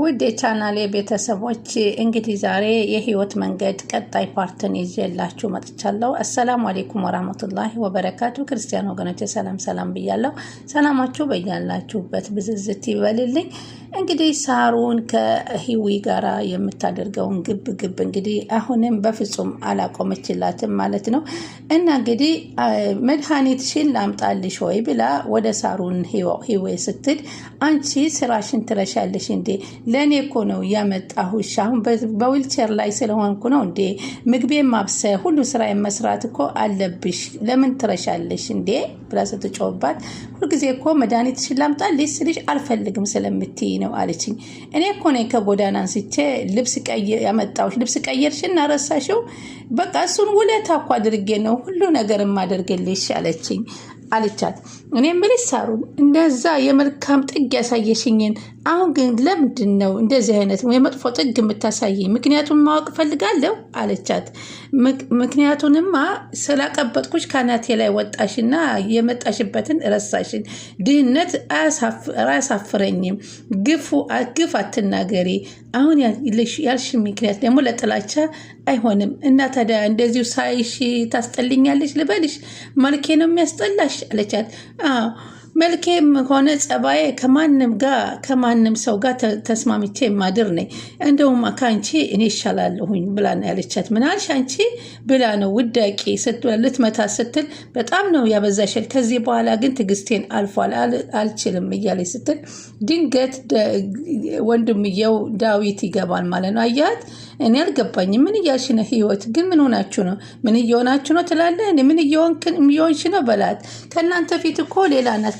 ውድ የቻናሌ ቤተሰቦች እንግዲህ ዛሬ የህይወት መንገድ ቀጣይ ፓርትን ይዤላችሁ መጥቻለሁ። አሰላሙ አሌይኩም ወራህመቱላሂ ወበረካቱ። ክርስቲያን ወገኖች ሰላም ሰላም ብያለሁ። ሰላማችሁ በያላችሁበት ብዝዝት ይበልልኝ። እንግዲህ ሳሩን ከሂዊ ጋራ የምታደርገውን ግብ ግብ እንግዲህ አሁንም በፍጹም አላቆመችላትም ማለት ነው። እና እንግዲህ መድኃኒትሽን ላምጣልሽ ወይ ብላ ወደ ሳሩን ሂዌ ስትል አንቺ ስራሽን ትረሻለሽ እንዴ? ለእኔ እኮ ነው ያመጣሁሽ። አሁን በዊልቸር ላይ ስለሆንኩ ነው እንዴ? ምግቤን ማብሰ ሁሉ ስራ መስራት እኮ አለብሽ። ለምን ትረሻለሽ እንዴ? ብላ ስትጮባት ሁልጊዜ እኮ መድኃኒትሽን ላምጣልሽ ስልሽ አልፈልግም ስለምትይ ነው አለችኝ። እኔ እኮ ነኝ ከጎዳና አንስቼ ልብስ ያመጣሁሽ፣ ልብስ ቀየርሽና እናረሳሽው በቃ እሱን ውለታ እኮ አድርጌ ነው ሁሉ ነገር የማደርግልሽ አለችኝ። አለቻት። እኔም ምልሽ ሳሩን እንደዛ የመልካም ጥግ ያሳየሽኝን አሁን ግን ለምንድን ነው እንደዚህ አይነት የመጥፎ ጥግ የምታሳየኝ? ምክንያቱን ማወቅ ፈልጋለሁ አለቻት። ምክንያቱንማ ስላቀበጥኩሽ ከናቴ ላይ ወጣሽና የመጣሽበትን ረሳሽን። ድህነት አያሳፍረኝም። ግፉ ግፍ አትናገሪ። አሁን ያልሽ ምክንያት ደግሞ ለጥላቻ አይሆንም እና ታዲያ እንደዚሁ ሳይሽ ታስጠልኛለች ልበልሽ? መልኬ ነው የሚያስጠላሽ አለቻት። አዎ መልኬም ሆነ ጸባዬ ከማንም ጋር ከማንም ሰው ጋር ተስማምቼ የማድር ነኝ። እንደውም ከአንቺ እኔ ይሻላለሁኝ ብላ ነው ያለቻት። ምናልሽ አንቺ ብላ ነው ውዳቂ ልትመታ ስትል በጣም ነው ያበዛሸል። ከዚህ በኋላ ግን ትዕግስቴን አልፏል አልችልም እያለች ስትል ድንገት ወንድምየው ዳዊት ይገባል ማለት ነው አያት እኔ አልገባኝም። ምን እያልሽ ነው? ህይወት ግን ምን ሆናችሁ ነው? ምን እየሆናችሁ ነው ትላለ። ምን እየሆንሽ ነው በላት። ከእናንተ ፊት እኮ ሌላ ናት፣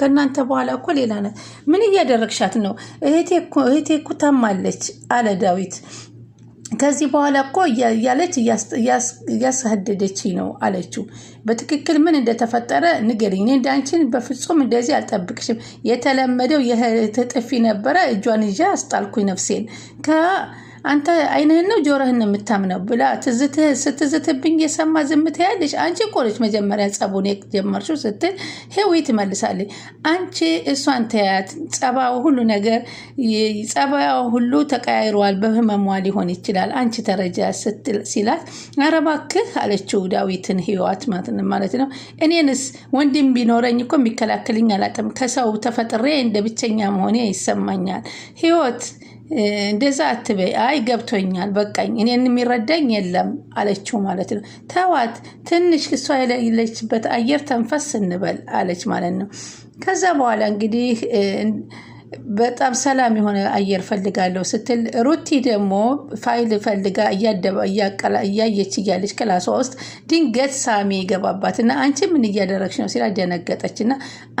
ከእናንተ በኋላ እኮ ሌላ ናት። ምን እያደረግሻት ነው? እህቴ እኮ ታማለች አለ ዳዊት። ከዚህ በኋላ እኮ እያለች እያሳደደች ነው አለችው። በትክክል ምን እንደተፈጠረ ንገሪኝ። እኔ እንዳንቺን በፍጹም እንደዚህ አልጠብቅሽም። የተለመደው የጥፊ ነበረ። እጇን ይዤ አስጣልኩኝ ነፍሴን አንተ አይንህን ነው ጆሮህን የምታምነው ብላ ስትዝትብኝ የሰማ ዝምት ያለች አንቺ እኮ ነች መጀመሪያ ጸቡን የጀመርሽው ስትል ሄዊ ትመልሳለች። አንቺ እሷን ተያት፣ ጸባዋ ሁሉ ነገር ጸባዋ ሁሉ ተቀያይረዋል። በህመሟ ሊሆን ይችላል። አንቺ ተረጃ ስትል ሲላት ኧረ እባክህ አለችው ዳዊትን ህይወት ማለት ነው። እኔንስ ወንድም ቢኖረኝ እኮ የሚከላከልኝ አላጥም ከሰው ተፈጥሬ እንደ ብቸኛ መሆኔ ይሰማኛል ህይወት እንደዛ አትበይ፣ አይ ገብቶኛል፣ በቃኝ፣ እኔን የሚረዳኝ የለም አለችው ማለት ነው። ተዋት ትንሽ እሷ የለችበት አየር ተንፈስ እንበል አለች ማለት ነው። ከዛ በኋላ እንግዲህ በጣም ሰላም የሆነ አየር ፈልጋለሁ ስትል ሩቲ ደግሞ ፋይል ፈልጋ እያየች እያለች ክላሷ ውስጥ ድንገት ሳሚ ይገባባት እና አንቺ ምን እያደረግሽ ነው ሲላ ደነገጠች እና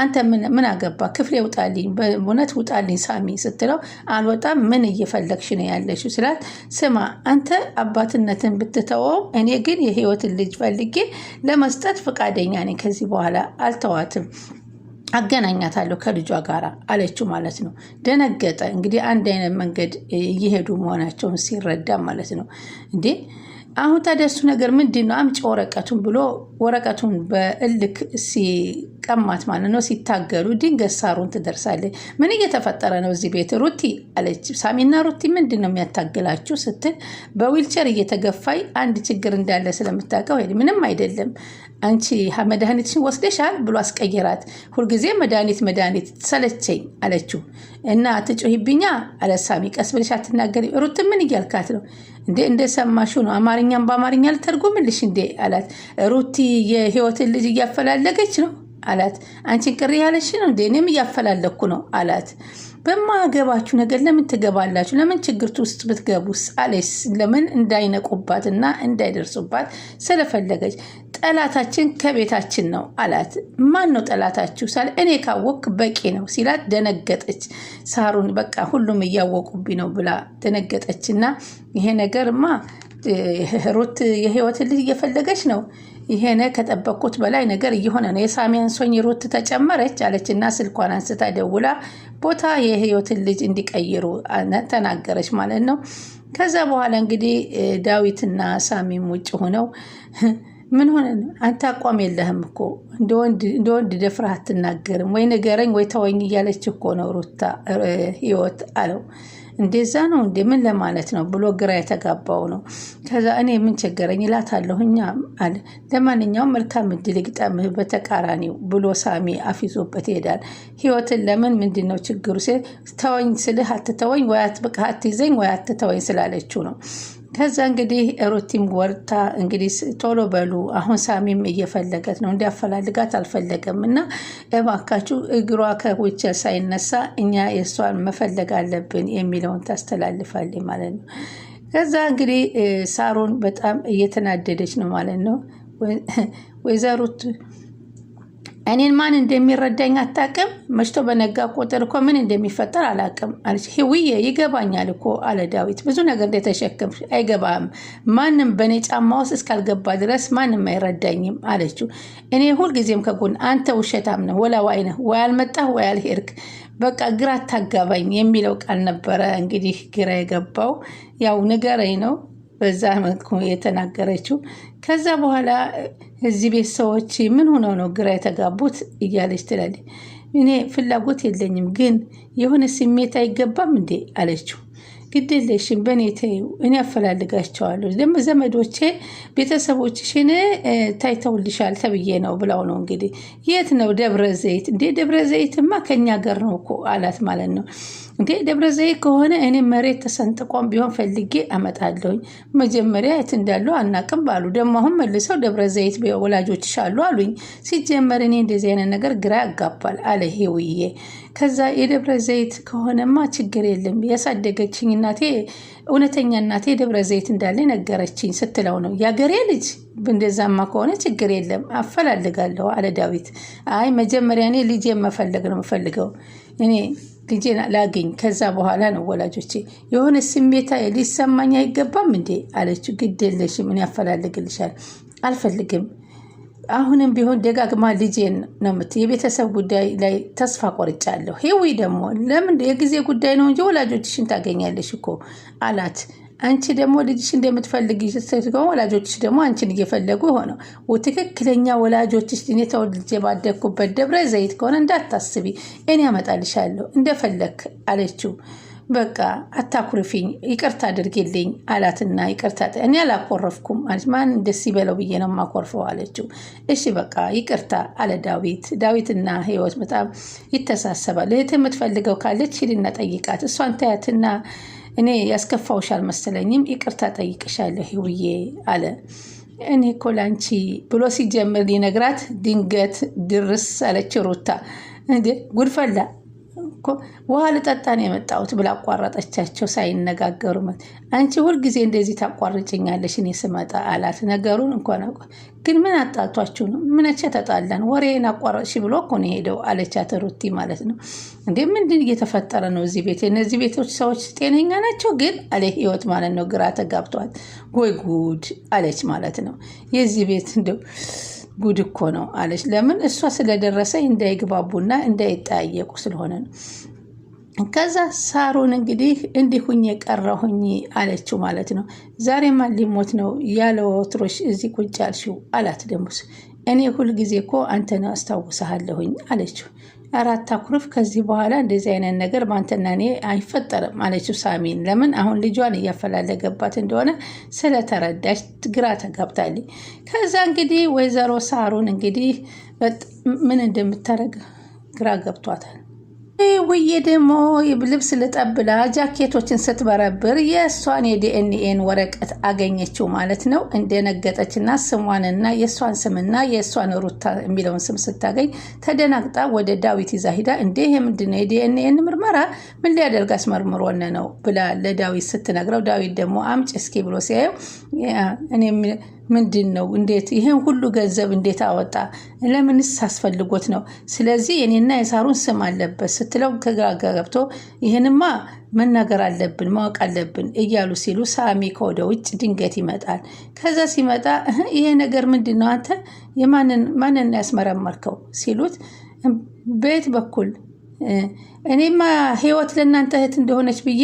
አንተ ምን አገባ ክፍሌ ውጣልኝ፣ በእውነት ውጣልኝ ሳሚ ስትለው አልወጣም ምን እየፈለግሽ ነው ያለችው ሲላት፣ ስማ አንተ አባትነትን ብትተወ እኔ ግን የህይወትን ልጅ ፈልጌ ለመስጠት ፈቃደኛ ነኝ። ከዚህ በኋላ አልተዋትም አገናኛታለሁ ከልጇ ጋር አለችው ማለት ነው። ደነገጠ። እንግዲህ አንድ አይነት መንገድ እየሄዱ መሆናቸውን ሲረዳ ማለት ነው። እንዴ አሁን ታዲያ እሱ ነገር ምንድን ነው? አምጪ ወረቀቱን ብሎ ወረቀቱን በእልክ ቀማት ማለት ነው። ሲታገሉ ድንገት ሳሩን ትደርሳለች። ምን እየተፈጠረ ነው እዚህ ቤት ሩቲ አለች። ሳሚና ሩቲ ምንድን ነው የሚያታግላችሁ ስትል በዊልቸር እየተገፋይ አንድ ችግር እንዳለ ስለምታውቀው ምንም አይደለም አንቺ መድኃኒትሽን ወስደሻል ብሎ አስቀይራት ሁልጊዜ መድኃኒት መድኃኒት ሰለቸኝ አለችው እና ትጮሂብኛ አለ ሳሚ። ቀስ ብለሽ አትናገሪ ሩት፣ ምን እያልካት ነው እንዴ? እንደሰማሹ ነው አማርኛም በአማርኛ ልተርጉምልሽ እንዴ አላት። ሩቲ የህይወትን ልጅ እያፈላለገች ነው አላት። አንቺን ቅሪ ያለሽ ነው እንዴ? እኔም እያፈላለኩ ነው አላት። በማገባችሁ ነገር ለምን ትገባላችሁ? ለምን ችግርት ውስጥ ብትገቡስ? አለች። ለምን እንዳይነቁባት እና እንዳይደርሱባት ስለፈለገች። ጠላታችን ከቤታችን ነው አላት። ማን ነው ጠላታችሁ ሳለ እኔ ካወቅ በቂ ነው ሲላት ደነገጠች። ሳሩን በቃ ሁሉም እያወቁብኝ ነው ብላ ደነገጠች እና ይሄ ነገርማ ሩት የህይወት ልጅ እየፈለገች ነው ይሄን ከጠበቅኩት በላይ ነገር እየሆነ ነው። የሳሚያን አንሶኝ ሩት ተጨመረች አለችና ስልኳን አንስታ ደውላ ቦታ የህይወትን ልጅ እንዲቀይሩ ተናገረች ማለት ነው። ከዛ በኋላ እንግዲህ ዳዊትና ሳሚም ውጭ ሆነው ምን ሆነ አንተ አቋም የለህም እኮ እንደ ወንድ ደፍረህ አትናገርም ወይ ንገረኝ ወይ ተወኝ እያለች እኮ ነው ሩታ ህይወት አለው። እንደዛ ነው እንዴ ምን ለማለት ነው ብሎ ግራ የተጋባው ነው። ከዛ እኔ ምን ቸገረኝ እላታለሁ አለ። ለማንኛውም መልካም እድል ይግጠምህ በተቃራኒው ብሎ ሳሚ አፊዞበት ይሄዳል። ህይወትን ለምን ምንድን ነው ችግሩ? ተወኝ ስልህ አትተወኝ ወይ አትብቃህ አትይዘኝ ወይ አትተወኝ ስላለችው ነው ከዛ እንግዲህ ሩቲም ወርታ እንግዲህ ቶሎ በሉ አሁን ሳሚም እየፈለገት ነው እንዲያፈላልጋት አልፈለገም እና እባካችሁ እግሯ ከውቸ ሳይነሳ እኛ የእሷን መፈለግ አለብን የሚለውን ታስተላልፋል ማለት ነው። ከዛ እንግዲህ ሳሮን በጣም እየተናደደች ነው ማለት ነው ወይዘሩት እኔን ማን እንደሚረዳኝ አታውቅም። መሽቶ በነጋ ቁጥር እኮ ምን እንደሚፈጠር አላውቅም አለች። ህውዬ ይገባኛል እኮ አለ ዳዊት። ብዙ ነገር እንደተሸክም አይገባም። ማንም በእኔ ጫማ ውስጥ እስካልገባ ድረስ ማንም አይረዳኝም አለችው። እኔ ሁልጊዜም ከጎን አንተ ውሸታም ነህ፣ ወላዋይ ነህ፣ ወይ አልመጣህ ወይ አልሄድክ በቃ ግራ አታጋባኝ የሚለው ቃል ነበረ። እንግዲህ ግራ የገባው ያው ንገረኝ ነው። በዛ መልኩ የተናገረችው። ከዛ በኋላ እዚህ ቤት ሰዎች ምን ሆነው ነው ግራ የተጋቡት እያለች ትላለች። እኔ ፍላጎት የለኝም ግን የሆነ ስሜት አይገባም እንዴ አለችው። ግድለሽን በእኔ ተይው፣ እኔ አፈላልጋቸዋለሁ። ደግሞ ዘመዶቼ ቤተሰቦችሽን ታይተውልሻል ተብዬ ነው ብለው ነው እንግዲህ። የት ነው ደብረ ዘይት እንዴ? ደብረ ዘይትማ ከኛ ገር ነው እኮ አላት ማለት ነው። እንዴ ደብረ ዘይት ከሆነ እኔ መሬት ተሰንጥቆም ቢሆን ፈልጌ አመጣለሁኝ። መጀመሪያ የት እንዳለው አናቅም ባሉ። ደግሞ አሁን መልሰው ደብረ ዘይት ወላጆችሽ አሉ አሉኝ። ሲጀመር እኔ እንደዚህ አይነት ነገር ግራ ያጋባል አለ ሄውዬ ከዛ የደብረ ዘይት ከሆነማ ችግር የለም ያሳደገችኝ እናቴ እውነተኛ እናቴ ደብረ ዘይት እንዳለ ነገረችኝ ስትለው ነው የአገሬ ልጅ እንደዛማ ከሆነ ችግር የለም አፈላልጋለሁ አለ ዳዊት። አይ መጀመሪያ እኔ ልጄ መፈለግ ነው የምፈልገው እኔ ልጄ ላገኝ ከዛ በኋላ ነው ወላጆቼ የሆነ ስሜታ ሊሰማኝ አይገባም እንዴ አለችው። ግድ የለሽም እኔ ያፈላልግልሻል አልፈልግም አሁንም ቢሆን ደጋግማ ልጄን ነው ምት የቤተሰብ ጉዳይ ላይ ተስፋ ቆርጫለሁ። ሄዊ ደግሞ ለምን የጊዜ ጉዳይ ነው እንጂ ወላጆችሽን ታገኛለሽ እኮ አላት። አንቺ ደግሞ ልጅሽ እንደምትፈልግ ስትሆን ወላጆችሽ ደግሞ አንቺን እየፈለጉ ሆነው ትክክለኛ ወላጆችሽ እኔ ተወልጄ ባደግኩበት ደብረ ዘይት ከሆነ እንዳታስቢ እኔ አመጣልሻለሁ እንደፈለግ አለችው። በቃ አታኩርፊኝ፣ ይቅርታ አድርጌልኝ አላትና ይቅርታ እኔ አላኮረፍኩም አለች። ማን ደስ ይበለው ብዬ ነው የማኮርፈው አለችው። እሺ በቃ ይቅርታ አለ ዳዊት። ዳዊትና ህይወት በጣም ይተሳሰባል። እህት የምትፈልገው ካለች ሂድና ጠይቃት፣ እሷን ታያትና እኔ ያስከፋውሽ አልመሰለኝም፣ ይቅርታ ጠይቅሻለሁ ህውዬ አለ። እኔ እኮ ላንቺ ብሎ ሲጀምር ሊነግራት ድንገት ድርስ አለች ሩታ። እንዴ ጉድፈላ ውሃ ልጠጣ ነው የመጣሁት ብላ አቋረጠቻቸው ሳይነጋገሩ። አንቺ ሁልጊዜ እንደዚህ ታቋርጭኛለሽ እኔ ስመጣ አላት። ነገሩን እንኳን ግን ምን አጣቷችሁ ነው? ምነቸ ተጣላን? ወሬን አቋረጥሽ ብሎ እኮ ነው የሄደው አለቻት። ሩቲ ማለት ነው እንዴ ምንድን እየተፈጠረ ነው እዚህ ቤት? እነዚህ ቤቶች ሰዎች ጤነኛ ናቸው? ግን አለ ህይወት ማለት ነው ግራ ተጋብቷት ጎይ ጉድ አለች ማለት ነው የዚህ ቤት እንደው ጉድ እኮ ነው አለች። ለምን እሷ ስለደረሰ እንዳይግባቡና እንዳይጠያየቁ ስለሆነ ነው። ከዛ ሳሩን እንግዲህ እንዲሁኝ የቀረሁኝ አለችው ማለት ነው። ማን ሊሞት ነው ያለ ወትሮሽ እዚህ ቁጭ አልሽው አላት። ደሞስ እኔ ሁልጊዜ እኮ አንተን አስታውሰሃለሁኝ አለችው። አራት አኩርፍ ከዚህ በኋላ እንደዚህ አይነት ነገር በአንተና እኔ አይፈጠርም አለችው ሳሚን። ለምን አሁን ልጇን እያፈላለገባት እንደሆነ ስለተረዳች ግራ ተጋብታለች። ከዛ እንግዲህ ወይዘሮ ሳሩን እንግዲህ ምን እንደምታደርግ ግራ ገብቷታል። ውዬ ደግሞ ልብስ ልጠብላ ጃኬቶችን ስትበረብር የእሷን የዲኤንኤን ወረቀት አገኘችው ማለት ነው። እንደነገጠችና ስሟንና የእሷን ስምና የእሷን ሩታ የሚለውን ስም ስታገኝ ተደናግጣ ወደ ዳዊት ይዛ ሂዳ እንዴ ይሄ ምንድነው? የዲኤንኤን ምርመራ ምን ሊያደርግ አስመርምሮን ነው ብላ ለዳዊት ስትነግረው፣ ዳዊት ደግሞ አምጭ እስኪ ብሎ ሲያየው ምንድን ነው? እንዴት ይህን ሁሉ ገንዘብ እንዴት አወጣ? ለምንስ አስፈልጎት ነው? ስለዚህ የኔና የሳሩን ስም አለበት ስትለው ግራ ገብቶ ይህንማ መናገር አለብን ማወቅ አለብን እያሉ ሲሉ ሳሚ ከወደ ውጭ ድንገት ይመጣል። ከዛ ሲመጣ ይሄ ነገር ምንድን ነው? አንተ ማንን ያስመረመርከው? ሲሉት በየት በኩል እኔማ ህይወት ለእናንተ እህት እንደሆነች ብዬ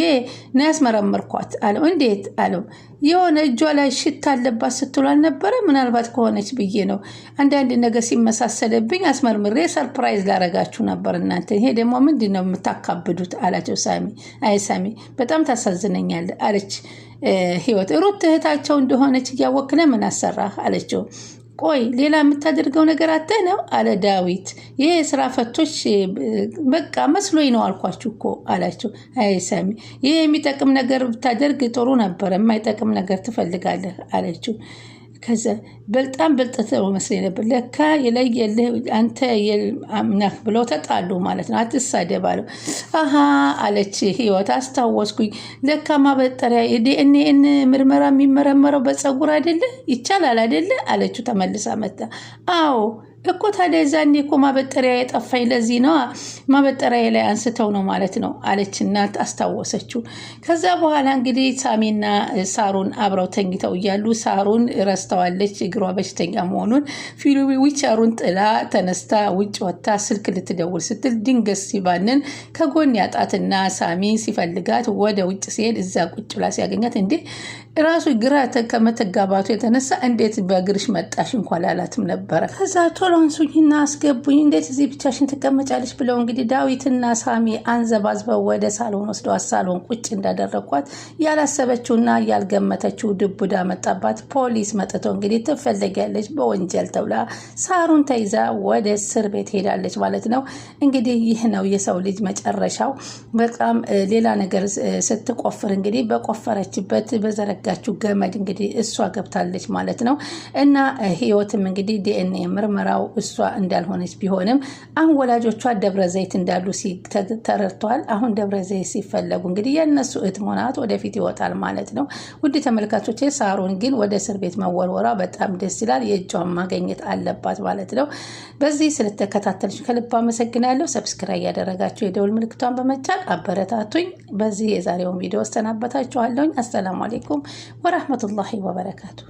ነው ያስመረምርኳት አለው። እንዴት አለው። የሆነ እጇ ላይ ሽታ አለባት ስትሉ አልነበረ? ምናልባት ከሆነች ብዬ ነው። አንዳንድ ነገር ሲመሳሰልብኝ አስመርምሬ ሰርፕራይዝ ላረጋችሁ ነበር እናንተ። ይሄ ደግሞ ምንድን ነው የምታካብዱት? አላቸው ሳሚ። አይ ሳሚ በጣም ታሳዝነኛል አለች ህይወት። ሩት እህታቸው እንደሆነች እያወክለ ምን አሰራህ አለችው። ቆይ ሌላ የምታደርገው ነገር አተ ነው አለ ዳዊት። ይህ የስራ ፈቶች በቃ መስሎኝ ነው አልኳችሁ እኮ አላቸው። አይ ሰሚ፣ ይህ የሚጠቅም ነገር ብታደርግ ጥሩ ነበረ፣ የማይጠቅም ነገር ትፈልጋለህ አለችው። ከዚ በጣም ብልጥ መስሎኝ ነበር። ለካ የለየልህ አንተ አምናህ ብለው ተጣሉ ማለት ነው። አትሳደብ አለው። አሀ አለች ህይወት፣ አስታወስኩኝ። ለካ ማበጠሪያ የዲኤንኤን ምርመራ የሚመረመረው በፀጉር አይደለ? ይቻላል አይደለ? አለችው ተመልሳ መጣ። አዎ እኮ ታዲያ ዛኔ እኮ ማበጠሪያ የጠፋኝ ለዚህ ነዋ፣ ማበጠሪያ ላይ አንስተው ነው ማለት ነው አለች እናት አስታወሰችው። ከዛ በኋላ እንግዲህ ሳሚና ሳሩን አብረው ተኝተው እያሉ ሳሩን ረስተዋለች እግሯ በሽተኛ መሆኑን ፊልዊ ዊልቸሩን ጥላ ተነስታ ውጭ ወጥታ ስልክ ልትደውል ስትል ድንገት ሲባንን ከጎን ያጣትና ሳሚ ሲፈልጋት ወደ ውጭ ሲሄድ እዛ ቁጭ ብላ ሲያገኛት እንዴ ራሱ ግራ ከመተጋባቱ የተነሳ እንዴት በእግርሽ መጣሽ እንኳን አላላትም ነበረ ከዛ ቶሎ አንሱኝና አስገቡኝ፣ እንዴት እዚህ ብቻሽን ትቀመጫለች? ብለው እንግዲህ ዳዊትና ሳሚ አንዘባዝበው ወደ ሳሎን ወስደው ሳሎን ቁጭ እንዳደረጓት ያላሰበችውና ያልገመተችው ድቡዳ መጣባት። ፖሊስ መጥቶ እንግዲህ ትፈለጊያለች በወንጀል ተብላ ሳሩን ተይዛ ወደ እስር ቤት ሄዳለች ማለት ነው። እንግዲህ ይህ ነው የሰው ልጅ መጨረሻው። በጣም ሌላ ነገር ስትቆፍር እንግዲህ በቆፈረችበት በዘረጋችው ገመድ እንግዲህ እሷ ገብታለች ማለት ነው እና ህይወትም እንግዲህ ዲኤንኤ ምርመራ ያው እሷ እንዳልሆነች ቢሆንም አሁን ወላጆቿ ደብረ ዘይት እንዳሉ ተረድተዋል። አሁን ደብረ ዘይት ሲፈለጉ እንግዲህ የእነሱ እህት ወደፊት ይወጣል ማለት ነው። ውድ ተመልካቾች፣ ሳሮን ግን ወደ እስር ቤት መወርወሯ በጣም ደስ ይላል። የእጇን ማገኘት አለባት ማለት ነው። በዚህ ስለተከታተልሽ ከልብ አመሰግናለሁ። ሰብስክራይብ ያደረጋቸው የደውል ምልክቷን በመጫን አበረታቱኝ። በዚህ የዛሬውን ቪዲዮ እሰናበታችኋለሁኝ። አሰላሙ አሌይኩም ወራህመቱላሂ ወበረካቱ።